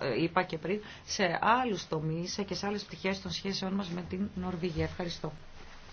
Ε, είπα και πριν, σε άλλους τομείς και σε άλλες πτυχές των σχέσεών μας με την Νορβηγία. Ευχαριστώ.